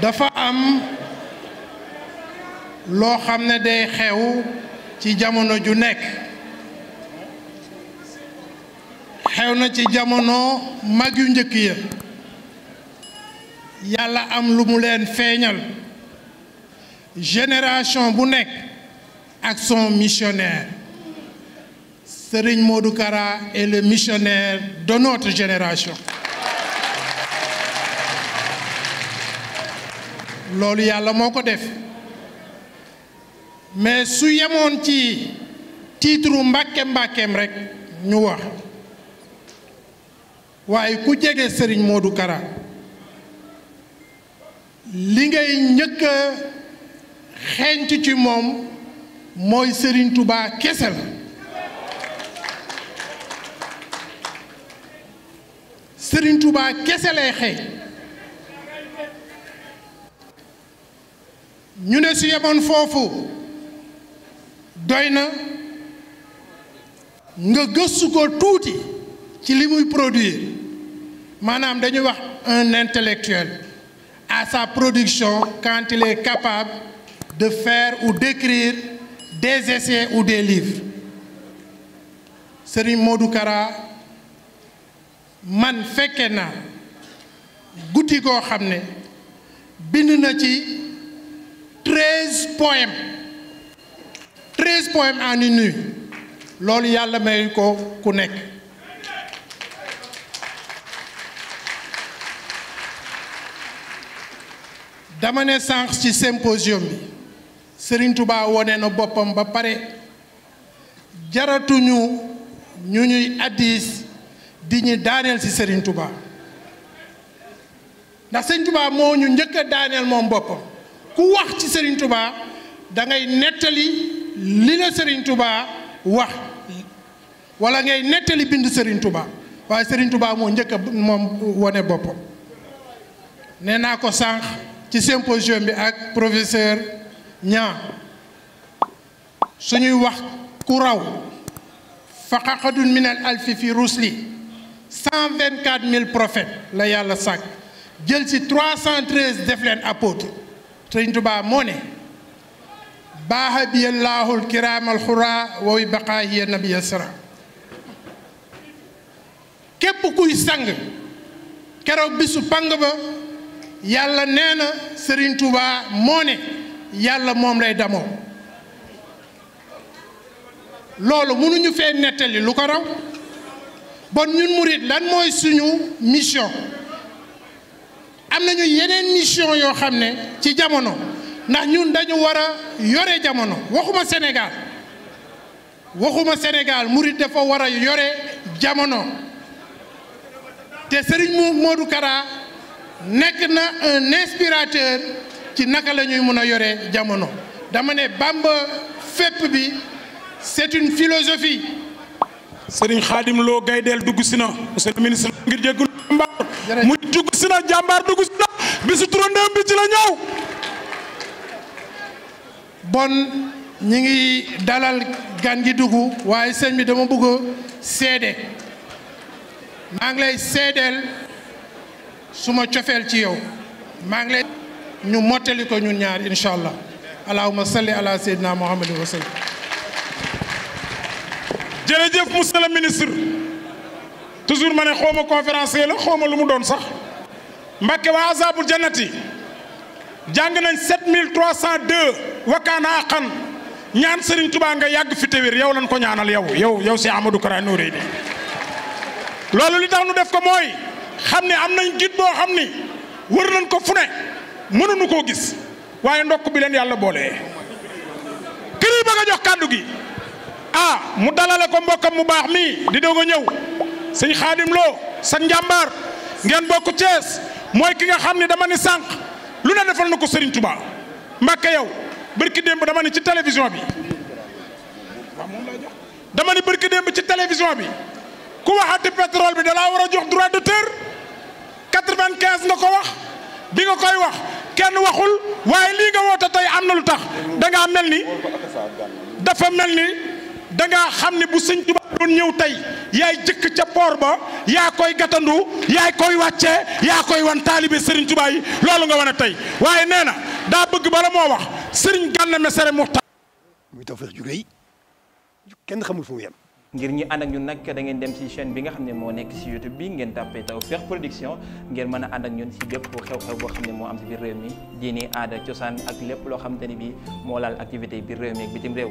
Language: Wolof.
dafa am loo xam ne day xew ci jamono ju nekk xew na ci jamono mag yu njëkk ya yàlla am lu mu leen feeñal génération bu nekk ak son missionnaire Serigne Modou Kara est le missionnaire de génération loolu yàlla moo ko def mais su yemoon ci tiitru mbàkke mbàkkeem rekk ñu wax waaye ku jege sëriñ du Kara li ngay njëkk a ci moom mooy sëriñ Touba kese sëriñ Touba kese lay xeeñ ñu ne su yemoon foofu doy na nga gëstu ko tuuti ci li muy produire maanaam dañuy wax un intellectuel à sa production quand il est capable de faire ou d'écrire des essais ou des livres Serigne Kara man fekke naa guddi koo xam ne bind na ci treize poèmes treize poèmes en une loolu yàlla may ko ku nekk dama ne sànq ci symposium bi Serigne Touba wone na boppam ba pare jaratuñu ñu ñuy addis di ñu daaneel ci Serigne Touba ndax Serigne Touba moo ñu njëkk a daaneel moom boppam ku wax ci sëriñ Touba da ngay nettali li la Serigne Touba wax wala ngay nettali bind sëriñ Touba waaye sëriñ Touba moo njëkk a moom wone boppam nee naa ko sànq ci symposium bi ak professeur Niang suñuy wax ku raw faqaqadun min al alfi fi rusli cent mille prophètes la yàlla sàkk jël ci trois cent treize def leen apôtre sëriñ Tuubaa moo ne baaxa biya laahul kiraamal xuraa wowi baqaa hiya nabiya sira képp kuy sang keroog bisu pang ba yàlla nee na sëriñ moo ne yàlla moom lay damoo loolu mënuñu fee nettali lu ko raw bon ñun murit lan mooy suñu mission am nañu yeneen mission yoo xam ne ci jamono ndax ñun dañu war a yore jamono waxuma Sénégal waxuma Sénégal murit dafa war a yore jamono te Serigne Modou Kara nekk na un ci naka la ñuy mun a yore jamono dama ne Bamba fépp bi c'est une philosophie. Serigne Khadim Lo mu dugg si na jàmbaar dugg si na bisu turandeem bi ci la ñëw. bon ñi ngi dalal gan gi dugg waaye sëñ bi dama bëgg seede maa ngi lay seedeel suma cofeel ci yow maa ngi lay ñu mottali ko ñun ñaar incha allah allahuma salli ala sayyidina muhammadin wa sallam jërëjëf monsieur le ministre toujours ma ne xaw ma conférencier la xaw ma lu mu doon sax Mbàkke waa Azabul Jannati jàng nañ 7302 wakkaana aqan ñaan Serigne Touba nga yàgg fi téwér yow lañ ko ñaanal yow yow yow si Amadou Kara Noreyni loolu li tax nu def ko mooy xam ni am nañ git boo xam ni wër nañ ko fu ne mënuñu koo gis waaye ndokk bi leen yàlla boole. te ba nga jox kàddu gi ah mu dalale ko mbokkam mu baax mii di doog a ñëw. sëñ xaadim loo sa njàmbaar ngeen bokk Cees mooy ki nga xam ne dama ni sànq lu ne defal na ko Serigne Touba Mbàkke yow bërki démb dama ni ci télévision bi dama ni bërki ci télévision bi ku waxati pétrole bi dalaa war a jox droit d'auteur quatre-vingt-quinze nga ko wax bi nga koy wax kenn waxul waaye lii nga woote tey am na lu tax da mel ni dafa mel ni da xam ne bu sëñ Tuba doon ñëw tey yaay jëkk ca poor ba yaa koy gatandu yaa koy wàcce yaa koy wan taalibe sëriñ Tuba yi loolu nga a tey waaye nee na daa bëgg bala moo wax sëriñ Gana Messere Muxtaar. muy tawfeex ju rëy kenn xamul fu mu yem. ngir ñi ànd ak ñun nag da ngeen dem ci chaîne bi nga xam ne moo nekk ci YouTube bi ngeen tàppee Tawfekh Production ngeen mën a ànd ak ñun ci bépp xew-xew boo xam ne moo am ci biir réew mi diini aada cosaan ak lépp loo xamante ni bi moo laal activité biir réew mi ak bitim réew